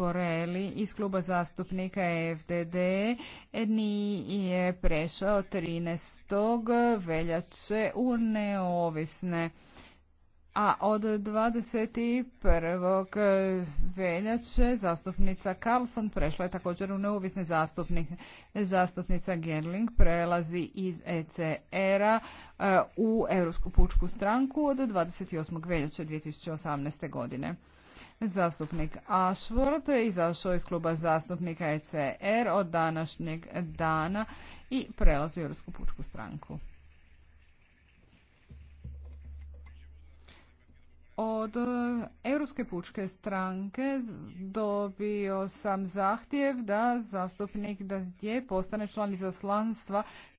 Borelli iz kluba zastupnika FDD nije prešao 13. veljače u neovisne a od 21 veljače zastupnica Carlson prešla je također u neovisne zastupnike. Zastupnica Gerling prelazi iz ECR-a eh, u Europsku pučku stranku od 28. veljače 2018. godine. Zastupnik Ashworth je izašao iz kluba zastupnika ECR e-r od današnjeg dana i prelazi u Europsku pučku stranku. od e, Europske pučke stranke dobio sam zahtjev da zastupnik da postane član izaslanstva